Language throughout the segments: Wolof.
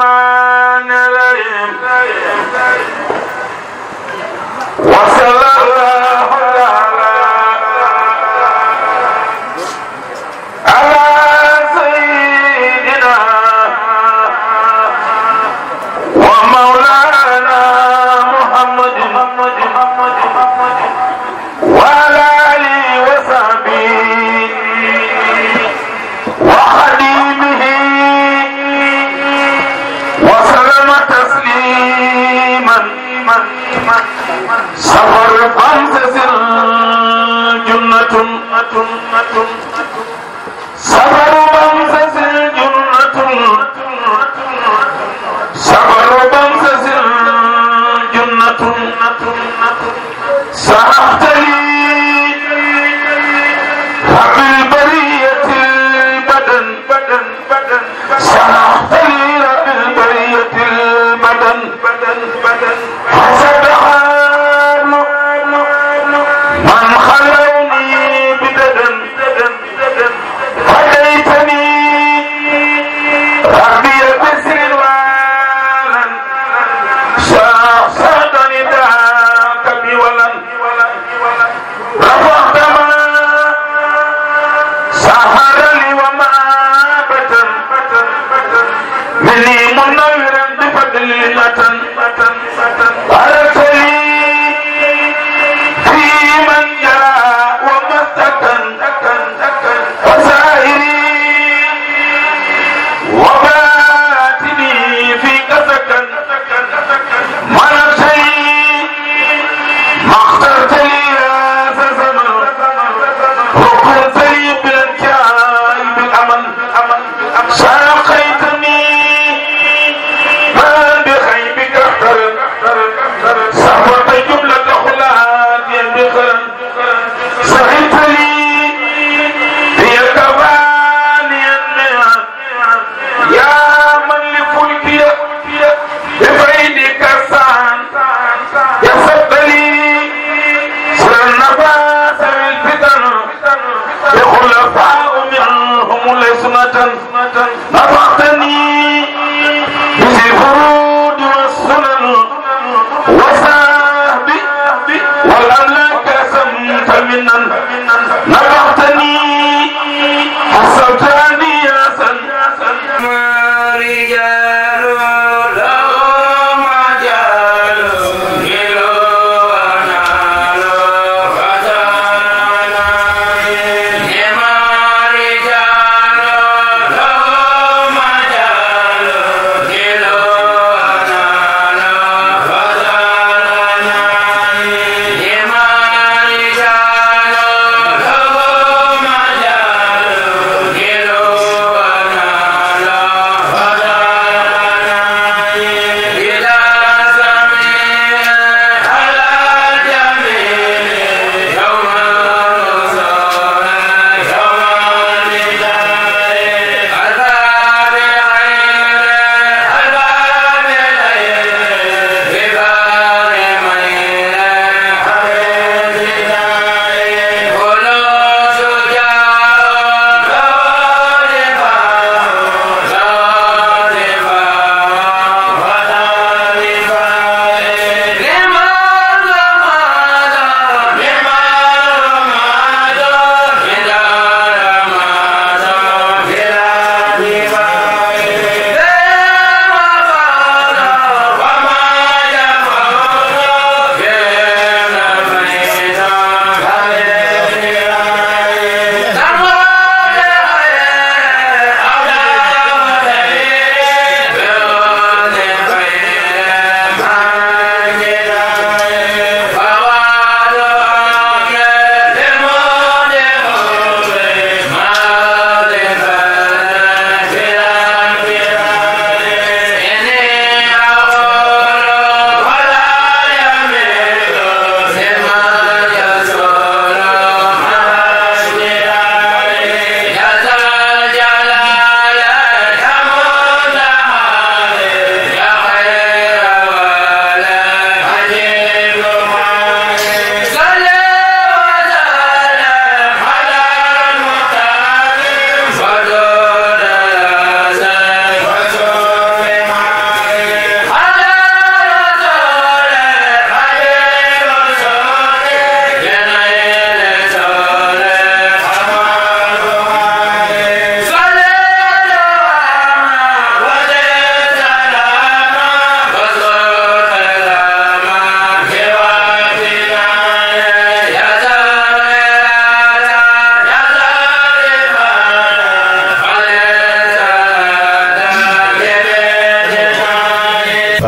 الرحمن الرحيم وصلى الله safar bam sa sir junnatun الله سمعة نفعتني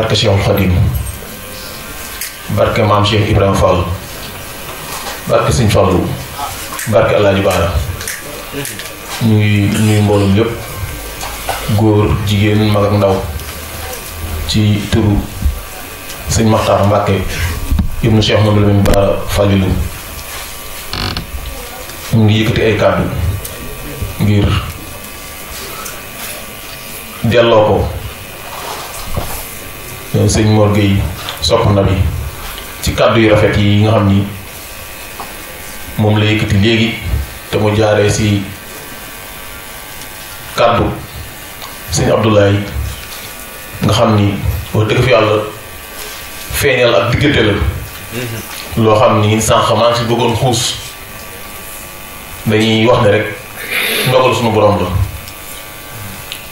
barke Cheikh Khadim barke maam Cheikh Ibrahima Fall barke Sëñ Fallu barke Alaaji Baara ñu ngi nuyu mboolum yépp góor jigéen mag ak ndaw ci turu sëñ Maxtaar Mbàkke ibnu Cheikh Mamadou Lamine Bara Falilu mu ngi yëkkati ay kàddu ngir delloo ko Euh, sëñ Mor Gueye sopp na bi ci kàddu yu rafet yi nga xam ni moom la yëkkati léegi te mu jaaree si kàddu sëñ Abdoulaye nga xam ni boo dëgg fi yàlla feeñal ak diggante la mm-hmm. loo xam ni sànq maa ngi si bëggoon xuus dañuy wax ne rek ndogal suñu borom la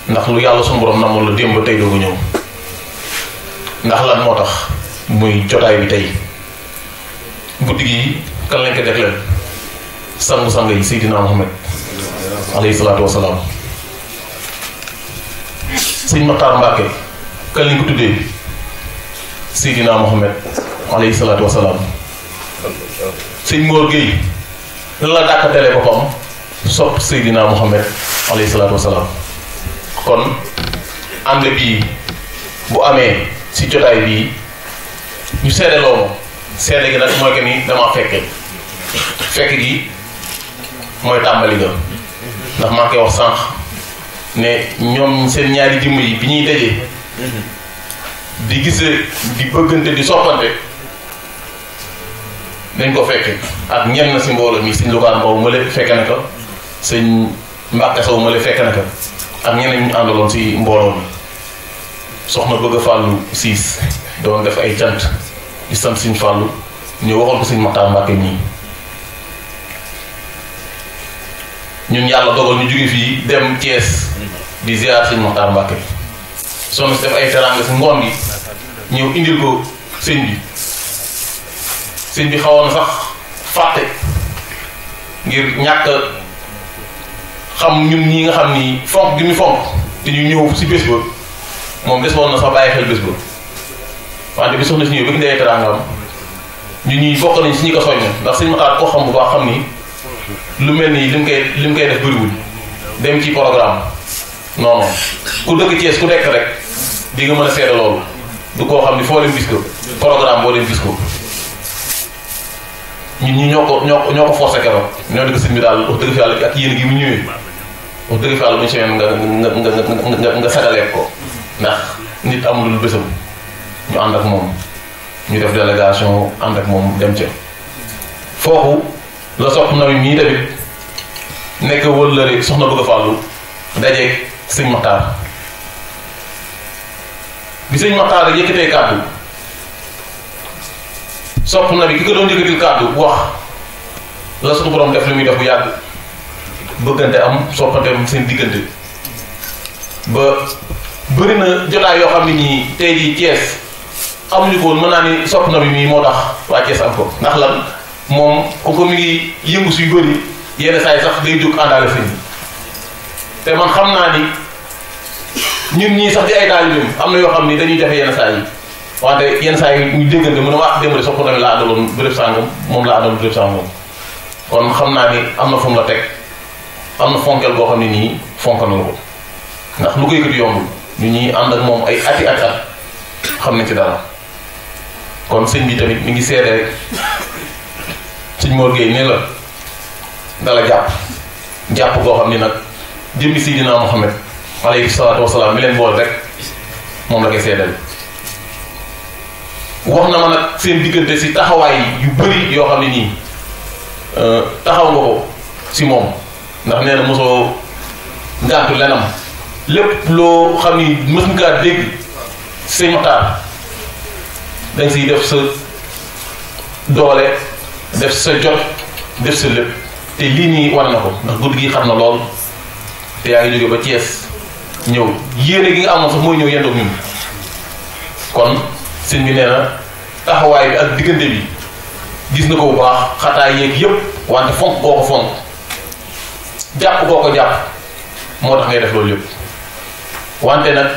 ndax lu yàlla suñu borom namul la démb tey doogu ñëw ndax lan moo tax muy jotaay bi tey guddi gi kan lañ ko jagleel sangu-sang yi Seydina Muhammad alayhi salaatu wa salaam sëñ Maxtaar Mbàkke kan lañ ko tuddee Seydina Muhammad alayhi salaatu wa salaam sëñ Mor Gueye lan la dàkkatele boppam sopp salaatu wa salaam kon ànd bii bu amee. si jotaay bii ñu seede loolu seede gi nag mooy que ni dama fekke fekk gi mooy tàmbali nga ndax maa koy wax sànq ne ñoom seen ñaari jëmm yi bi ñuy dajee di gisee di bëggante bi soppante dañ ko fekke ak ñenn na si mbooloo mi sëñ Louga Mbow ma leen fekke na ko sëñ Mbacke Sow ma leen fekke na ko ak ñeneen ñu àndaloon si mbooloo mi soxna bëgg a fàllu siis doon def ay cant di sant suñ fàllu ñu waxoon ko suñ Maxtaar Mbàkke ñii ñun yàlla dogal ñu jóge fii dem Thiès di ziar suñ Maxtaar Mbàkke soxna si def ay teraanga si ngoon gi ñëw indil ko sëñ bi sëñ bi xawoon sax fàtte ngir ñàkk xam ñun ñi nga xam ni fonk gi ñu fonk te ñu ñëw si bés ba moom gis na sax bàyyi xel bés ba wante bi soxna si ñëw bi ñu dee teraangam ñuy bokk nañ si ñu ko soññ ndax sëñ xam bu baax xam ni lu mel nii li koy li mu def bëriwul dem ci programme non non ku dëkk Thiès ku nekk rek di nga mën a seede loolu koo xam ni foo leen gis programme boo leen gis ko ñun ñi ñoo ko bi ak yéen gi mu ñëwee wax dëgg fi yàlla bu ñu si nga nga nga nga nga sagalee ko. ndax nit amul lu bésam ñu ànd ak moom ñu def délégation ànd ak moom dem ca foofu la na mi mii tamit nekk wëllëre soxna bëgg a fàllu dajeeg sëñ Maxtaar bi sëñ Maxtaar yëkkatee kàddu soxna bi ki ko doon yëkkatil kàddu wax la suñu def li muy def bu yàgg bëggante am soppante seen diggante ba bëri na jotaay yoo xam ne nii tey jii Thiès amuñu ko woon mën naa ni sopp na bi mii moo tax waa Thiès am ko ndax la moom ku ko mi ngi yëngu suy bëri yenn saa yi sax day jóg àndaale fi te man xam naa ni ñun ñii sax di ay taalibeem am na yoo xam ni dañuy jafe yenn saa yi wante yenn saa yi ñu déggante mu ne wax ah, démb de sopp na bi laa àndaloon béréb sàngam moom laa àndaloon béréb sàngam kon xam naa ni am na fu la teg am na fonkel boo xam ne nii fonk na ko ndax lu ñu ñuy ànd ak moom ay ati ak at xam ci dara kon sëñ bi tamit mi ngi seede rek sëñ Mor Gueye la dala jàpp jàpp goo xam ni nag jëmmi Sidina muhammad alayhi salaatu wasalaam mi leen bool rek moom la koy seedal wax na ma nag seen diggante si taxawaay yu bëri yoo xam ne nii euh, taxaw nga ko si moom ndax nee na mosoo lenam lépp loo xam ni mës nga dégg sëñ Maxtaar dañ siy def sa doole def sa jot def sa lépp te lii nii war na ko ndax guddi gi xam na lool te yaa ngi jóge ba Thiès ñëw yéene gi nga amoon sax mooy ñëw yendoog ñun kon sëñ bi nee taxawaay bi ak diggante bi gis na ko bu baax xataa yeeg yépp wante fonk boo ko fonk jàpp boo ko jàpp moo tax ngay def loolu yépp wante nak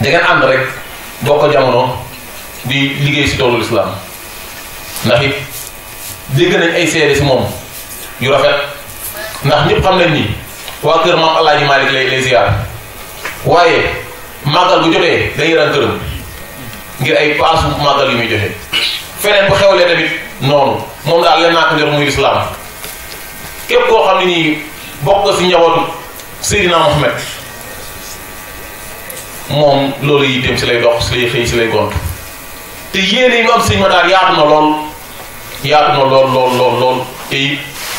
dengan ngeen rek boko jamono di liggey ci tolu islam ndax it dégg nañ ay séré ci mom yu rafet ndax ñepp xam nañ ni wa kër maam Alaaji malik lay lay ziar waye magal bu jotee day daan këram ngir ay passu magal yu muy joxe feneen bu xewlee tamit non mom daal leen naa ko jox muy islam képp koo xam ni bokk si njabootu muhammad moom loolu yitteem si lay dox si lay xëy si lay gont te yéene yi mu am sëñ ma daal yaatu lool yaatu lool lool lool lool te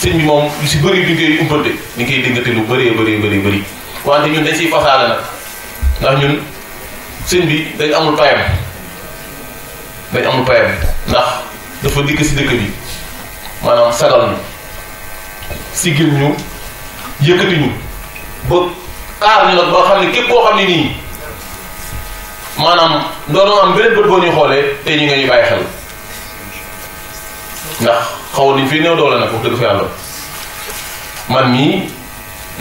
sëñ bi moom lu si bëri duñ koy umpante dañ koy déggante lu bëree bëri bëri wante ñun dañ siy fasaale nag ndax ñun sëñ bi dañ amul payam dañ amul payam ndax dafa dikk si dëkk bi maanaam sagal ñu sigil ñu yëkkati ñu ba aar ñu nag ba xam ne képp koo xam ne nii maanaam doonoo am benn bët boo ñuy xoolee tey ñu nga ñu bàyyi xel ndax xaw ni fi néew doole nag wax dëgg fa yàlla man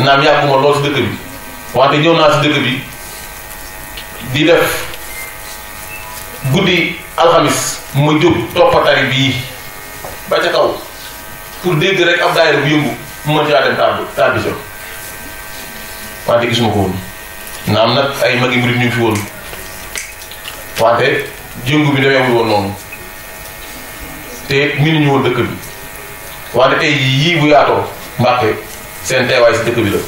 naam lool dëkk bi wante ñëw naa si dëkk bi di def guddi alhamis, ma jóg toppatari bii ba ca kaw pour dégg rek ab daayira bu yëngu mu caa dem tàbbi tàbbi so wante gisuma ko woon naam nag ay magi ñu fi woon wante jëngu bi demeewul woon noonu te mënuñu woon dëkk bi wante tey jii yii bu yaatoo Mbàkke seen teewaay si dëkk bi la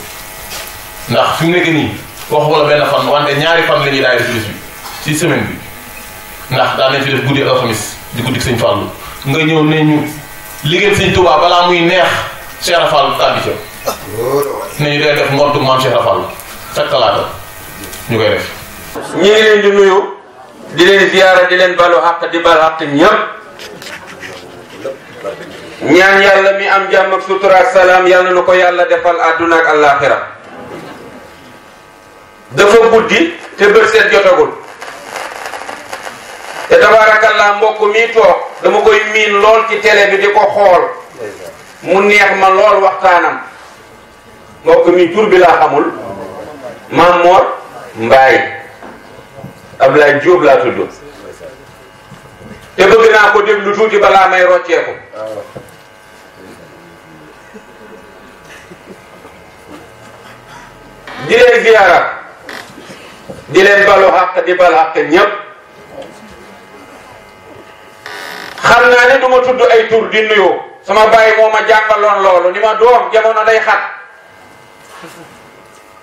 ndax fi mu nekk nii waxuma la benn fan wante ñaari fan la ñuy daayee ndax daan nañ fi def guddi alxamis di guddi sëñ Fallou nga ñëw ne ñu liggéey sëñ Tuubaa balaa muy neex Cheikh Rafal tàbbi ca ne ñu day def ngortu maam Cheikh Rafal chaque talaata ñu koy def. ñu leen di nuyu. di leen ziyaara di leen balu xaq di bal xaq ñëpp ñaan yàlla mi am jàmm ak sutura ak salaam yàlla na ko yàlla defal àdduna ak dafa guddi te bër seet jotagul te tabaarakallaa mbokk mi toog dama koy miin lool ci télé bi di ko xool mu neex ma lool waxtaanam mbokk mi tur bi laa xamul Maam Mbaay Abdoulaye Diop la tudd te bëgg na ko lu tuti bala may ko di len ziyara di len balu xàq di bal xàq ñep xamna ne duma tuddu ay tour di nuyo sama baye moma jangalon lolu ni ma doom jamono day xat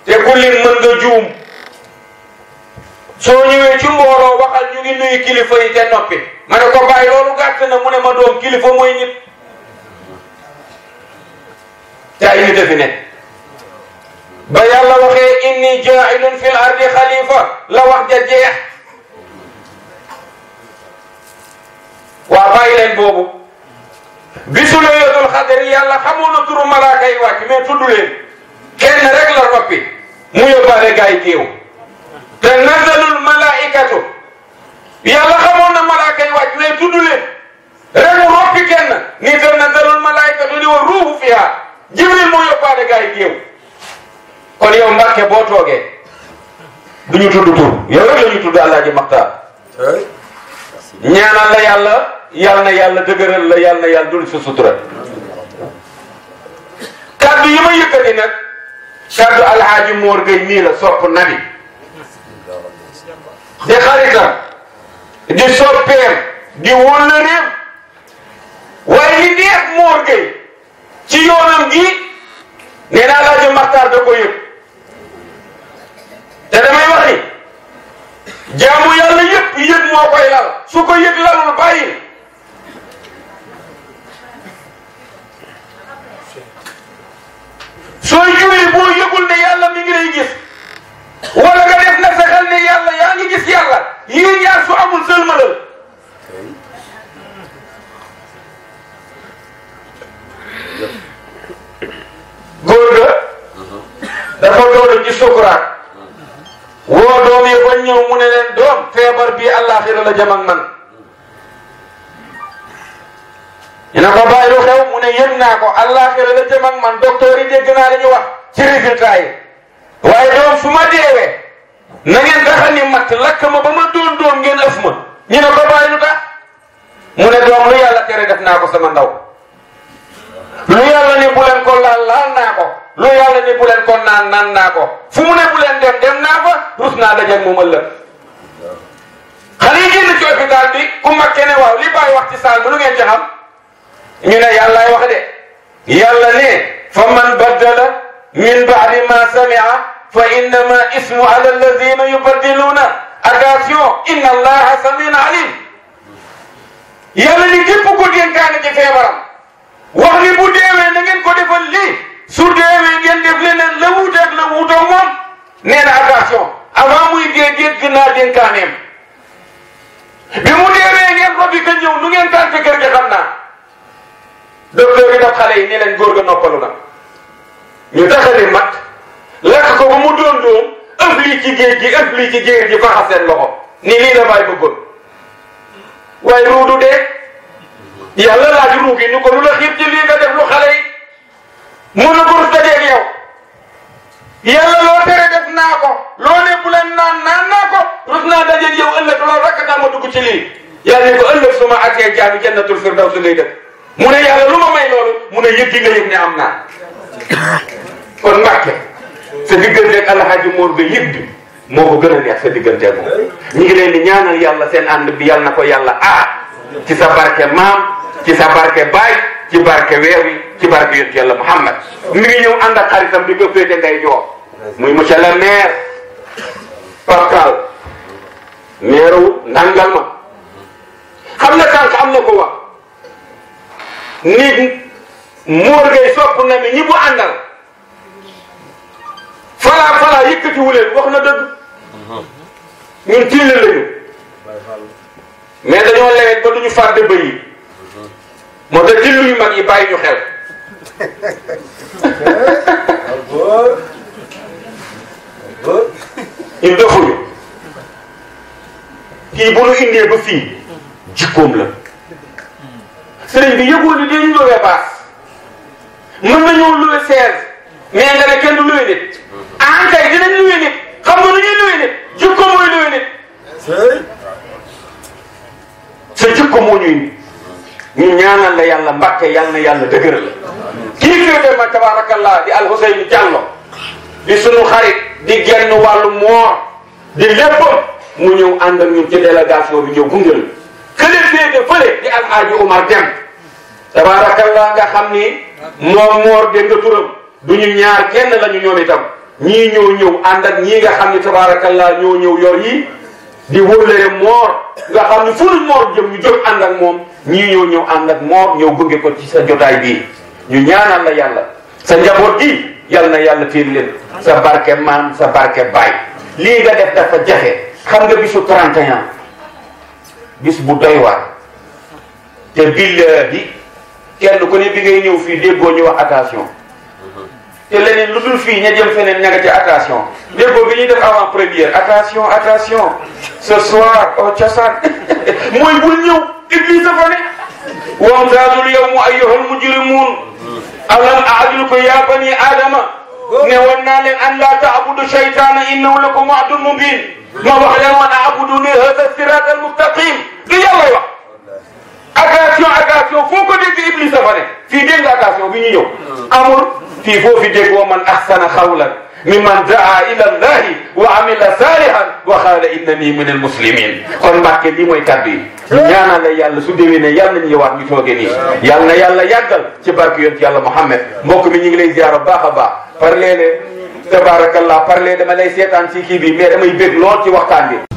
te ko lim mën nga juum soo ñëwee ci mbooloo waxal ñu ngi nuyu kilifa yi te noppi ma ne ko bàyyi loolu gàtt na mu ne ma doom kilifa mooy nit te ay nit a ne ba yàlla waxee inni jaa'ilun fil ardi xalifa la wax ja jeex waa bàyyi leen boobu bisu laylatul xadri yàlla xamoon na turu malaaka yi wàcc mais tudd leen kenn rek la roppi mu yóbbaale gaa yi te nazalul malaikatu yàlla xamoon na malaaka yi wàcc mais tudd leen malaikatu li wa ruuhu fiha jibril moo yóbbaale gars yi kon yow Mbàkke boo tooge du ñu tudd tur yow rek la ñu tudd Alaaji Maxtaar ñaanal la yàlla yàlla na yàlla dëgëral la yàlla na yàlla dul sa sutura kaddu yi ma yëkkati nag kaddu alhaaji Moor Gay nii la sopp nabi di xaritam di soppeem di wóllëreem waaye li neex Mor Gueye ci yoonam gi nee naa laajo Maxtaar da ko yëg te damay wax ni jaamu yàlla yëpp yëg moo koy lal su ko yëg lalul bàyyi milliard su amul sëlmalal góor ga dafa doon ci sukuraat woo doom yi ba ñëw mu ne leen doom feebar bii àllaaxira la jëm ak man ñu ne ko bàyyi lu xew mu ne yëg naa ko àllaaxira la jëm ak man docteur yi dégg naa la ñu wax ci résultat yi waaye doom su ma deewee na ngeen daxal ni matt lakk ma ñu ne ko bàyyi lu tax mu ne doom lu yàlla tere def naa ko sama ndaw lu yàlla ni bu ko naa ko lu yàlla ni bu ko naan naan naa ko fu mu ne bu leen dem naa fa rus naa dajeeg moom ëllëg xale yi génn ci bi ku makkee waaw li bàyyi wax saal bi lu ngeen ci xam ñu ne yàllaay wax de yàlla ne fa man baddala min baadi ma samia fa innama ismu ala alladina yubaddiluuna attention inna allaha samiin alim yàlla ni képp ko dénkaane ci feebaram wax ni bu deewee na ngeen ko defal lii su deewee ngeen def leneen la wuuteeg la wuutoo moom nee na attention avant muy dee dégg naa dénkaaneem bi mu deewee ngeen ko ka ñëw nu ngeen tànte kër ga xam naa docteur bi daf xale yi ni leen góor ga noppalu na ñu taxali mat lakk ko mu doon doom ëpp li ci géej gi ëpp li ci géej gi faxas seen loxo ni lii la bàyyi bëggoon waaye ruu du dee yàlla laaj ruu gi ni ko lu la xiir ci lii nga def lu xale yi mun a burs dajeeg yow yàlla loo tere def naa ko loo ne bu leen naan naan naa ko rus naa dajeeg yow ëllëg loolu rek daa ma dugg ci lii yàlla ni ko ëllëg su ma àggee jaami jannatul firdaws ngay def mu ne yàlla lu ma may loolu mu ne yëg gi nga yëg ne am naa kon Mbàkke sa diggante ak alxaaji Mor Gueye yëg moo ko gën a neex sa diggante ak moom ñu ngi leen di ñaanal yàlla seen ànd bi yàlla na ko yàlla aar ci sa barke maam ci sa barke baay ci barke weer ci barke yonent yàlla Muhammad mi ngi ñëw ànd ak xaritam bi ko féete nday joor muy monsieur le maire Pascal maire wu ndàngal ma xam na sànq am na ko wax nit Mor Gueye sopp na mi ñi bu àndal yëkkatiwu leen wax na dëgg ñun tiile lañu mais dañoo lewet ba duñu fàtte bëy yi moo tax dillu yu mag yi bàyyi ñu xel ñu doxuñu kii bu nu indee ba fii jikkoom la sëriñ bi yëgul ni dañu luwe baas mën nañoo luwe seer mais nga ne kenn du luwe nit ah kay dinañ nuyu nit xam nga nit jikko mooy nuyu nit. ñu ñaanal la yàlla mbàkke yàlla yàlla dëgëral la. kii féete ma tabaarakallah di alxuseyn Diallo di sunu xarit di genn wàllu moor di lépp mu ñëw ànd ak ñun ci délégation bi ñëw gunge la. kële féete fële di alxaaji Umar Dem tabaarakallah nga xam ni moom moor dégg du ñu ñaar kenn la ñu ñoom itam. ñi ñoo ñëw ànd ak ñii nga xam ni tabarakallah ñoo ñëw yor yi di wëllëre moor nga xam ni fu nu moor jëm ñu jóg ànd ak moom ñii ñoo ñëw ànd ak moor ñëw gunge ko ci sa jotaay bii ñu ñaanal la yàlla sa njaboot gi yàlla na yàlla fiir leen sa barke maam sa barke baay lii nga def dafa jafe xam nga bisu 31 bis bu doy waar te bill di kenn ku ne bi ngay ñëw fii déggoo ñu wax attention te leneen lu dul fii ña jëm feneen ña nga ca attention déggoo bi ñuy def avant première attention attention ce soir au cosaan mooy bul ñëw Iblis dafa ne wamtaazul yawma ayyuhal mujrimuun alam a'dilkum yaa bani aadama ne woon naa leen an laa ta'budu shaytaana innahu lakum aduwwun mubiin ma wax leen woon a'buduni haadha siraat al mustaqim du yàlla wax attention attention foo ko dégg Iblis dafa ne fii dégg nga attention bi ñu ñëw amul fii boo fi déggoo man ahsana xawlan mimman daa ila allahi wa amila saalihan wa qaala innani min al muslimin kon Mbàkke lii mooy kaddu yi ñaanal la yàlla su déwee ne yàlla nañu ñëwaat ñu toogee nii yàlla na yàlla yàggal ci barke yonent yàlla Muhammad mbokk mi ñu ngi lay ziyaara baax a baax par léeg-léeg tabaarakallah par léeg dama lay seetaan ci kii bi mais damay bég lool ci waxtaan bi